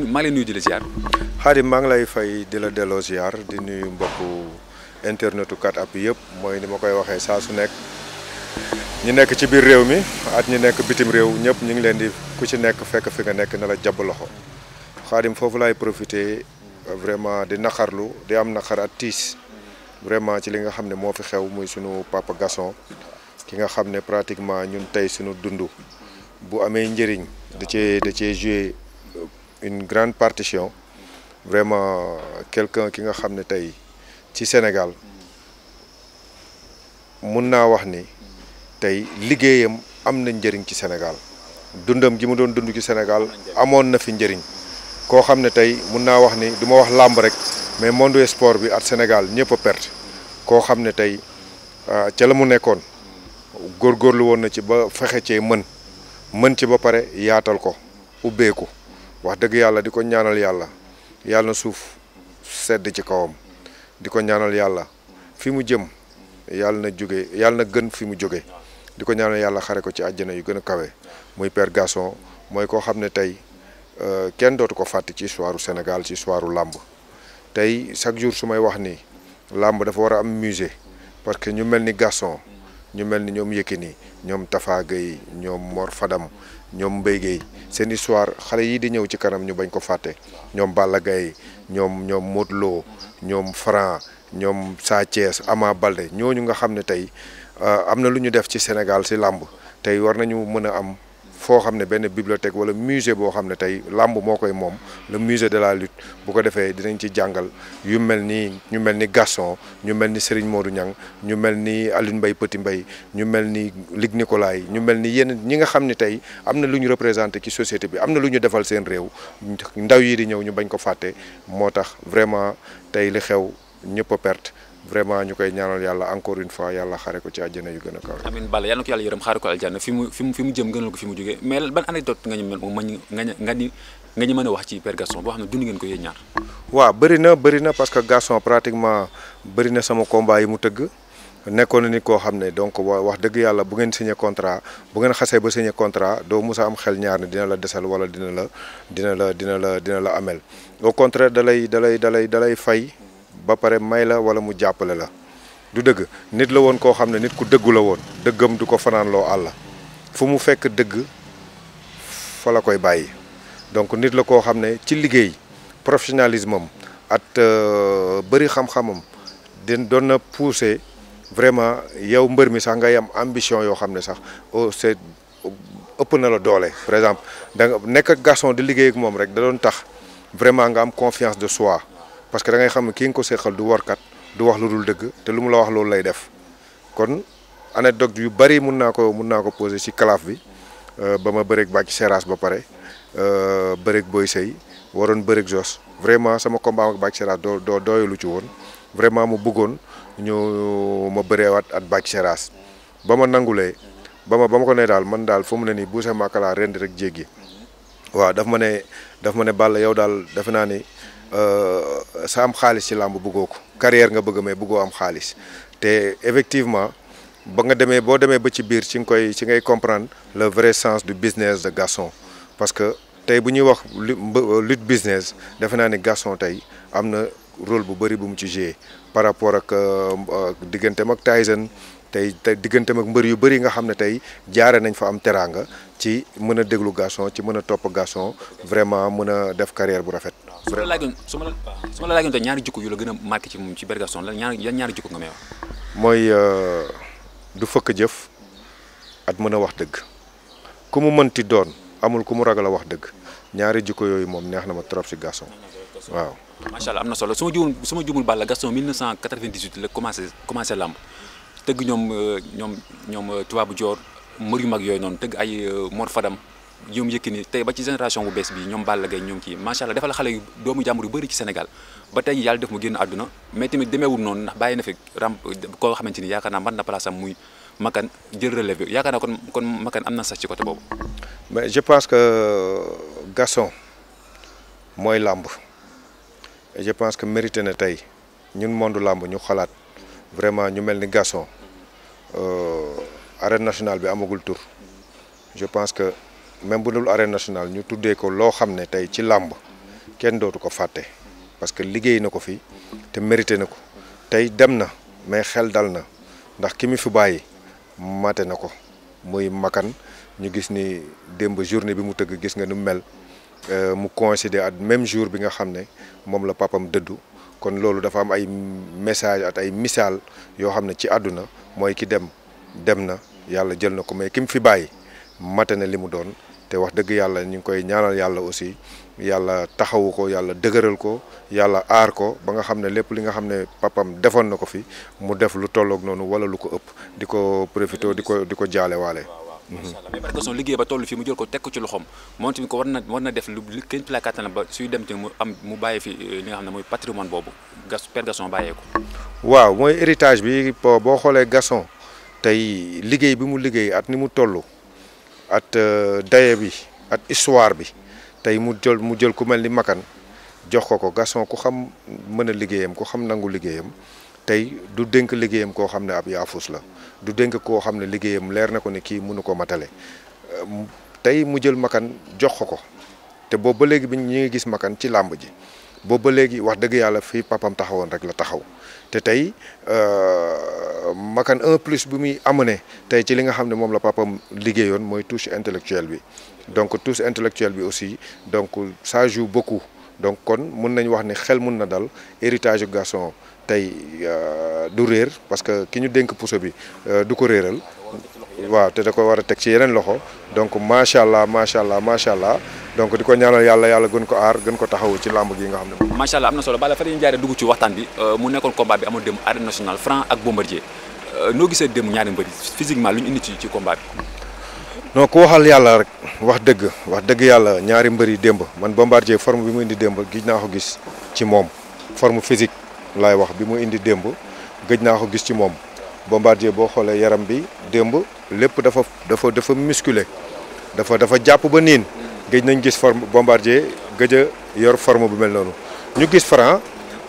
maa ngi lay nuyu di la Xaadim maa ngi lay fay di la delloo ziar di nuyu mbokku internetu kat appuis yëpp mooy ni ma koy waxee saa su nekk ñi nekk ci biir réew mi at ñi nekk bitim réew ñëpp ñu ngi leen di ku ci nekk fekk fi nga nekk na la jàpp loxo Xaadim foofu lay profité vraiment di naqarlu di am naqar at tiis vraiment ci li nga xam ne moo fi xew muy sunu papa Gaston ki nga xam ne pratiquement ñun tey sunu dundu bu amee njëriñ da ci da cee joué. une grande partition vraiment quelqu'un ki nga xam ne tey ci Sénégal mun naa wax ni tey liggéeyam am na njëriñ ci Sénégal dundam gi mu doon dund ci Sénégal amoon na fi njëriñ koo xam ne tey mun naa wax ni du ma wax làmb rek mais monde sport bi at Sénégal ñëpp perte koo xam ne tey ah, ca la mu nekkoon góor góorlu woon na ci ba fexe cee mën mën ci ba pare yaatal ko ubbeeku wax dëgg yàlla di ko ñaanal yàlla yàlla na suuf sedd ci kawam di ko ñaanal yàlla fi mu jëm yàlla na jóge yàlla na gën fi mu jóge di ko ñaanal yàlla xare ko ci àjjana yu gën a kawe muy Père Gaston mooy koo xam ne tey euh, kenn dootu ko fàtt ci histoire Sénégal ci histoire làmb tey chaque jour su may wax ni làmb dafa war a am musée parce que ñu mel ni Gaston ñu mel ni ñoom Yékini ñoom Tafa Gueye ñoom Mor Fadam ñoom Mbaye Guèye seen histoire xale yii di ñëw ci kanam ñu bañ ko fàtte ñoom Balla Gaye ñoom ñoom Modou ñoom Franc ñoom Sa Thiès Ama Baldé ñooñu nga xam ne tey euh, am na lu ñu def ci Sénégal si làmb tey war nañu mën a am foo xam ne benn bibliothèque wala musée boo xam ne tey làmb moo koy moom le musée de la lutte bu ko defee dinañ ci jàngal yu mel ni ñu mel ni Gaston ñu mel ni Serigne Modou Niang ñu mel ni Alioune mbay Petit mbay ñu mel ni Luc Nicolaï ñu mel ni yenn ñi nga xam ni tey am na lu ñu représenté ci société bi am na lu ñu defal seen réew ndaw yi di ñëw ñu bañ ko fàtte moo tax vraiment tey li xew ñëpp perte vraiment ñu koy ñaanal yàlla encore une fois yàlla xare ko ci àjjana yu gën a kaw amiin Balla yal na ko yàlla yërëm xaare ko àjjana fi fi mu jëm gënal ko fi mu jógee mais a wax ci Père Gaston na bëri na parce que Gaston pratiquement bëri na sama combat yi mu tëgg nekkoon na nit koo xam ne donc wax dëgg yàlla bu ngeen signé contrat bu ngeen xasee ba signé contrat doo musa am xel ñaar ne dina la desal wala dina la dina la dina la dina la amel au contraire da lay da lay da lay da lay fay ba pare may la wala mu jàppale la du dëgg nit la woon koo xam ne nit ku dëggu la woon dëggam du ko fanaan loo àll fu mu fekk dëgg fa la koy bàyyi donc nit la koo xam ne ci liggéey professionnalisme am at euh, bëri xam-xamam den doon na poussé vraiment yow mbër mi sax ngay am ambition yoo xam ne sax oh ëpp na la doole par exemple da nga nekk ak garçon di liggéey ak moom rek da doon tax vraiment nga am confiance de soi parce que dangay xam ne ki nga ko seqal du warkat du wax lu dul dëgg te lu mu la wax loolu lay def kon anecdote yu bari mun naa ko mun naa ko posé ci kalaaf bi euh, ba ma bëreek bàcc seeraas ba pare euh, bëreeg Boy Sey waroon bëreeg Jos vraiment sama combat ak bàcc seeraas doo doo doyalu ci woon vraiment mu buggoon ñu ma bëreewaat at bàcc seeraas ba ma nangulee ba ma ba ma ko ne daal man daal fu mu ne nii buuse maakala rend rek jéggi waaw daf ma ne daf ma ne Balla yow daal defe naa ni. Euh, sa am xaalis ci làmb bëggoo ko carrière nga bëgg mais buggoo am xaalis te effectivement ba nga demee boo demee ba ci biir ci koy ci ngay comprendre le vrai sens du business de Gaston parce que tey bu ñuy wax lutte business defe naa ni Gaston tey am na rôle bu bëri bu mu ci joué par rapport ak euh, diggante ak Tyson tey tey digganteem ak mbër yu bëri nga xam ne tey jaare nañ fa am teraanga ci mën a déglu Gaston ci mën a topp Gaston vraiment mën a def carrière bu rafet. su ma la laajoon su ma la su ma ñaari jukko yu la gën a marqué ci moom ci Berger Song lan ñaari yan ñaari jikko nga may mooy euh, du fëkk jëf at mën a wax dëgg ku mu mënti doon amul ku mu ragal a wax dëgg ñaari jukko yooyu moom neex na ma trop si Gaston waaw. macha allah am na solo su ma juumul su ma juumul Balla Gaston 1998 la commencé commencé làmb tëgg ñoom euh, ñoom ñoom euh, tubaabu joor mbër yu mag yooyu noonu tëgg ay Mor Fadam. ñoom Yékini tey ba ci génération bu bees bi ñoom Balla Gaye ñoom kii macha allah defal xale yu doomu jàmbur yu bëri ci Sénégal ba tey yàlla def mu génn àdduna mais tamit demeewul noonu ndax bàyyi na fi ram koo xamante ni yaakaar naa mën na place am muy Makan jël relève bi yaakaar naa kon kon Makan am na sax ci côté boobu. mais je pense que Gaston mooy làmb je pense que mérité na tey ñun monde làmb ñu xalaat vraiment ñu mel ni Gaston euh, arène nationale bi amagul tour pense que. même bu dul arène nationale ñu tuddee ko loo xam ne tey ci làmb kenn dootu ko fàtte parce que liggéey na ko fi te mérité na ko tey dem na mais xel dal na ndax ki mu fi bàyyi mate na ko muy makan ñu gis ni démb journée bi mu tëgg gis nga nu mel euh, mu coïncider at même jour bi nga xam ne moom la papam dëddu kon loolu dafa am ay message at ay yoo xam ne ci àdduna mooy ki dem dem na yàlla jël na ko mais ki mu fi bàyyi mate na li mu doon te wax dëgg yàlla ñu ngi koy ñaanal yàlla aussi yàlla taxawu ko yàlla dëgëral ko yàlla aar ko ba nga xam ne lépp li nga xam ne papam defoon na ko fi mu def lu tolloog noonu wala lu ko ëpp di ko profité di ko di ko jaale waale. macha allah liggéey ba toll fii mu jël ko teg ko ci loxoom moo tamit ko war na war na def lu kenn la ba suy dem tamit mu am mu bàyyi fi eh, li nga xam ne mooy patrimoine boobu gas Père Gaston bàyyee ko. waaw mooy héritage bi boo xoolee gason tey liggéey bi mu liggéey at ni mu toll. at euh, daye bi at histoire bi tey mu jël mu jël ku mel ni Makan jox ko ko Gaston ku xam mën a liggéeyam ku xam nangu liggéeyam tey du dënk liggéeyam koo xam ne ab yaafus la du dénk koo xam ne liggéeyam leer na ko ne kii mënu ko matale tey mu jël Makan jox ko ko te boobu ba léegi bi ñu ngi gis Makan ci làmb ji boobu ba léegi wax dëgg yàlla fii papam taxawoon rek la taxaw te tey euh, Makan un plus bi muy amené tey ci li nga xam ne moom la papam liggéeyoon mooy touche intellectuelle bi donc touche intellectuelle bi aussi donc ça joue beaucoup donc kon mun nañ wax ni xel mun na dal héritage garçon tey euh, du réer parce que ki ñu dénk puso bi euh, du ko réeral waaw te da ko war a teg ci yeneen loxo donc macha allah macha allah macha allah donc di ko ñaanal yàlla yàlla gën ko aar gën ko taxawu ci làmb gi nga xam ne. macha allah am na solo bala fa ñu jaaree dugg ci waxtaan bi euh, mu nekkoon combat bi amoon démb arène nationale Franc ak Bombardier noo gisee démb ñaari mbëri physiquement lu ñu indi ci ci combat bi. non ku waxal yàlla rek wax dëgg wax dëgg yàlla ñaari mbër yi démb man Bombardier forme bi mu indi démb gis naa ko gis ci moom forme physique. laay wax bi mu indi démb gëj naa ko gis ci moom bombardier boo xoolee yaram bi démb lépp dafa dafa dafa musculé dafa dafa jàpp ba niin gëj nañ gis forme bombardier gëj yor forme bu mel noonu ñu gis Franc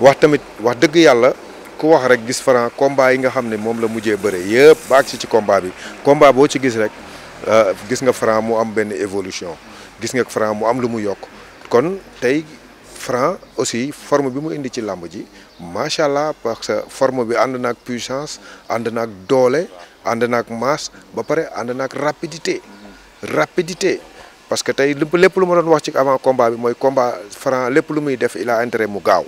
wax tamit wax dëgg yàlla ku wax rek gis Franc combat yi nga xam ne moom la mujjee bëre yëpp ba agsi ci combat bi combat boo ci gis rek euh, gis nga Franc mu am benn évolution gis nga Franc mu am lu mu yokk kon tey Franc aussi forme bi mu indi ci làmb ji macha allah parce que forme bi ànd naag puissance ànd naag doole ànd naag masse ba pare ànd naag rapidité rapidité parce que tey lépp lu ma doon wax ci avant combat bi mooy combat Franc lépp lu muy def il a mu gaaw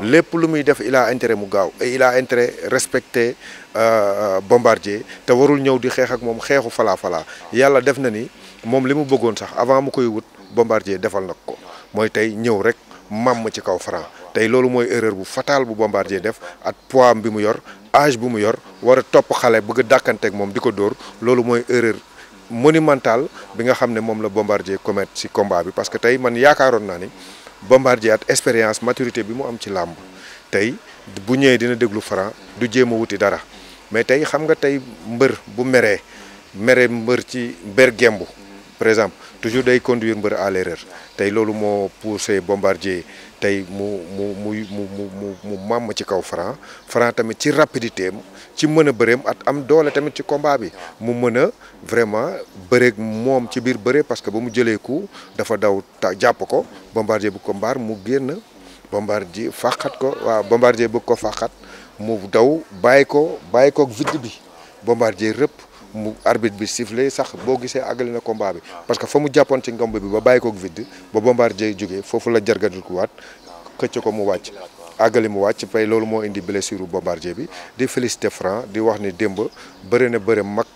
lépp lu muy def il a mu gaaw et il a intérêt respecté euh, bombardier te warul ñëw di xeex ak moom xeexu falaa falaa yàlla def na ni moom li mu bëggoon sax avant mu koy wut bombardier defal nag ko mooy tey ñëw rek màmm ci kaw Franc tey loolu mooy erreur bu fatal bu Bombardier def at poids bi mu yor age bu mu yor war a topp xale bëgg a dàkkanteeg moom di ko dóor loolu mooy erreur monumentale bi nga xam ne moom la Bombardier commettre ci combat bi parce que tey man yaakaaroon naa ni Bombardier at expérience maturité bi mu am ci làmb tey bu ñëwee dina déglu Franc du jéem a wuti dara mais tey xam nga tey mbër bu meree mere mbër ci ber gembu par exemple toujours day conduire mbër à l'erreur tey loolu moo poussé Bombardier tey mu mu mu mu mu mu màmm ci kaw Franc Franc tamit ci rapidité am ci mën a bëreem at am doole tamit ci combat bi mu mën a vraiment bëreeg moom ci biir bëre parce que ba mu jëlee ko dafa daw jàpp ko Bombardier bu ko mbaar mu génn Bombardier fàqat ko waaw Bombardier bëgg ko fàqat mu daw bàyyi ko bàyyi koog vide bi Bombardier rëpp. mu arbitre bi sifflé sax boo gisee àggali na combat bi parce que fa mu jàppoon ci ngomb bi ba bàyyi ko vide ba Bombardier jógee foofu la jargadul ku waat këcc ko mu wàcc àggali mu wàcc pay loolu moo indi blessure Bombardier bi di félicité Franc di wax ni démb bëri na bëri mag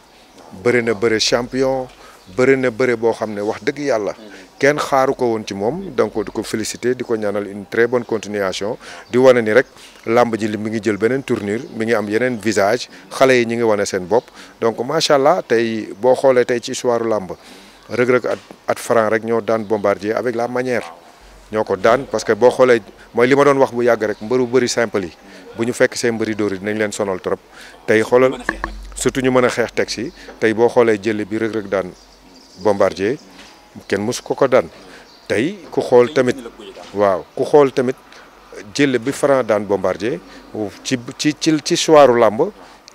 bëri na bëri champion bëri na bëre boo xam ne wax dëgg yàlla kenn xaaru ko woon ci moom donc di ko féliciter di ko ñaanal une très bonne continuation di wane ni rek làmb ji li mi ngi jël beneen tournure mi ngi am yeneen visage xale yi ñu ngi wane seen bopp donc macha allah tey boo xoolee tey ci histoire làmb rëg-rëg at at franc rek ñoo daan bombardier avec la manière ñoo ko daan parce que boo xoolee mooy li ma doon wax bu yàgg rek mbëru bëri simple yi bu ñu fekk seen mbëri dóor yi dinañ leen sonal trop tey xoolal surtout ñu mën a xeex teg si tey boo xoolee jëli bi rëg-rëg daan bombardier kenn mosu ko ko daan tey ku xool tamit waaw ku xool tamit jël bi Franc daan bombardier ci ci ci ci soiru làmb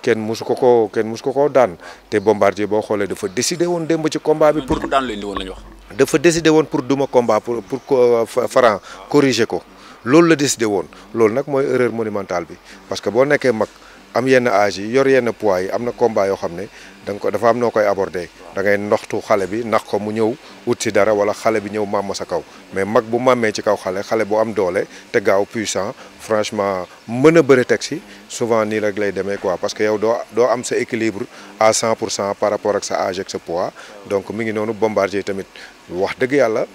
kenn mosu ko ko kenn mosu ko ko daan te bombardier boo xoolee dafa décidé woon démb ci combat bi pour daan la woon lañu wax dafa décidé woon pour duma combat pour pour euh, Franc corriger ko loolu la décidé woon loolu nag mooy erreur monumentale bi parce que boo nekkee mag am yenn âge yi yor yenn poids yi am na combat yoo xam ne da nga dafa am noo koy aborder da ngay ndoxtu xale bi ndax ko mu ñëw ut si dara wala xale bi ñëw màmm sa kaw mais mag bu màmmee ci kaw xale xale boo am doole te gaaw puissant franchement mën a bëri teg si souvent nii rek lay demee quoi parce que yow doo doo am sa équilibre à 100 pour cent par rapport ak sa âge sa poids donc mi ngi noonu bombardier tamit wax dëgg yàlla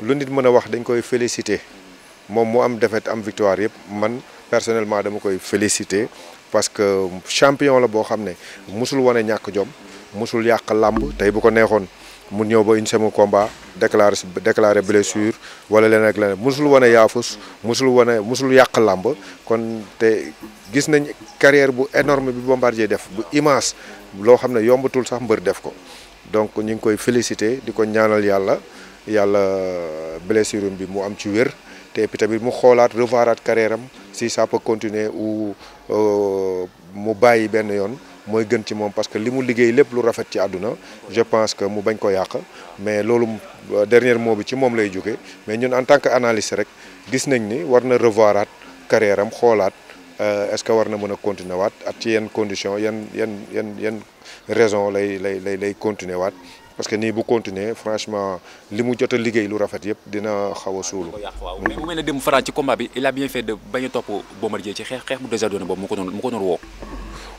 lu nit mën a wax dañ koy félicité moom mu am défaite am victoire yëpp man personnellement dama koy félicité parce que champion la boo xam ne musul wane ñàkk jom musul yàq làmb tey bu ko neexoon mu ñëw ba une semaine combat déclaré déclaré blessure wala leneen ak leneen musul wane yaafus musul wane musul yàq làmb kon te gis nañ carrière bu énorme bi Bombardier def bu immense loo xam ne yombatul sax mbër def ko donc ñu ngi koy félicité di ko ñaanal yàlla yàlla blessure bi mu am ci wér te puis tamit mu xoolaat revoiraat carrière am si ça peut continuer ou Euh, mu bàyyi benn yoon mooy gën ci moom parce que li mu liggéey lépp lu rafet ci àdduna je pense que mu bañ ko yàq mais loolu euh, dernier mot bi ci moom lay jóge mais ñun en tant que analyste rek gis nañ ni war na revoiraat carrière am xoolaat euh, est-ce que war na mën a continuer waat ak ci yenn condition yenn yenn yenn yenn raison lay lay lay lay continuer waat parce que nii bu continuer franchement li mu jot a liggéey lu rafet yëpp dina xaw a ah, suulu. mais mel ne dem Franc ci combat bi il a bien fait de bañ a topp Bombardier ci xeex xeex bu désordonné boobu mu ko doon mu ko doon woo.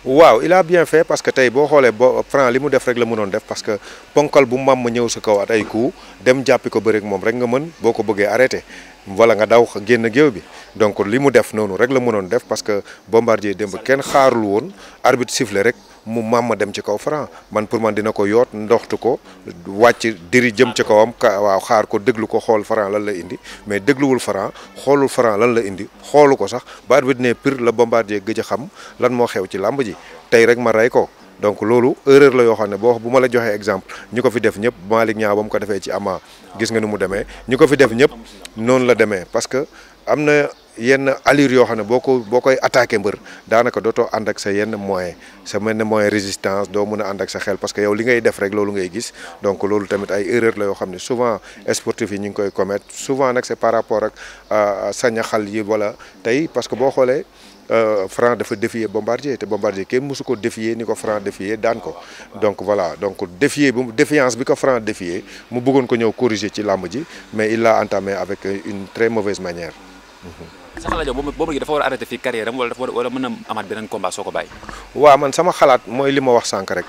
waaw il bien fait parce que tey boo xoolee bo Franc li mu def rek la mënoon def parce que ponkal bu mam ma ñëw sa kaw at ay coup dem jàppi ko bëreek moom rek nga mën boo ko bëggee arrêté wala nga daw génn géew bi donc li mu def noonu rek la mënoon def parce que Bombardier démb kenn xaarul woon arbitre sifflé rek. mu maam ma dem ci kaw Franc man pour man dina ko yoot ndoxtu ko wàcc diri jëm ci kawam ka waaw xaar ko déglu ko xool Franc lan la indi mais dégluwul Franc xoolu Franc lan la indi xoolu ko sax baat bi ne pire la jee gëj a xam lan moo xew ci làmb ji tey rek ma rey ko. donc loolu erreur la yoo xam ne boo bu ma la joxee exemple ñi ko fi def ñëpp Malick Niang ba mu ko defee ci amaa gis nga nu mu demee ñu ko fi def ñëpp noonu la demee parce que yenn allure yoo xam ne boo ko boo koy attaqué mbër daanaka dootoo ànd ak sa yenn moyen sa mel ne moyen résistance doo mun a ànd ak sa xel parce que yow li ngay def rek loolu ngay gis donc loolu tamit ay erreur la yoo xam ne souvent sportif yi ñu ngi koy commettre souvent nag c'est par rapport ak euh, sañ a xal yi wala tey parce que boo xoolee euh, Franc dafa défier Bombardier te Bombardier kenn mësu ko défier ni ko Franc défier daan ko donc voilà donc défier bu défiance bi ko Franc défier mu bëggoon ko ñëw corriger ci làmb ji mais il l'a entamé avec une très mauvaise manière. Mm-hmm. Sakhla Diaw boobu boobu dafa war a arrêté fii carrière am a mën a amaat beneen combat soo ko bàyyi. waa man sama xalaat mooy li ma wax sànq rek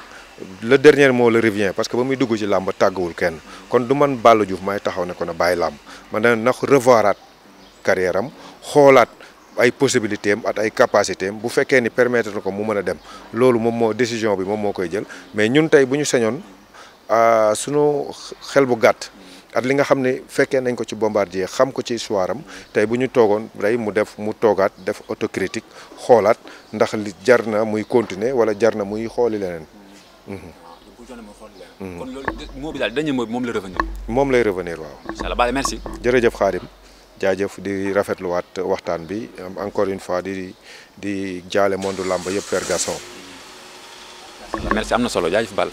le dernier mot le revient parce que ba muy dugg ci làmb tàggawul kenn kon du man Balla Diouf may taxaw ne ko na bàyyi làmb man dana na revoiraat carrière am xoolaat. ay possibilité am at ay capacité am bu fekkee ni permettre na ko mu mën a dem loolu moom moo décision bi moom moo koy jël mais ñun tey bu ñu sañoon ah, sunu xel bu gàtt ak li nga xam ne fekkee nañ ko ci bombardier xam ko ci histoire am tey bu ñu toogoon day mu def mu toogaat def autocritique xoolaat ndax li jar na muy continuer wala jar na muy xooli leneen. Mhm. Mhm. kon loolu moo bi daal dañu moom la revenir. moom lay revenir waaw. incha allah merci. jërëjëf Xaadim jaajëf di rafetluwaat waxtaan bi encore une fois di di jaale monde làmb yëpp Père Gasson. merci am na solo jaajëf Bal.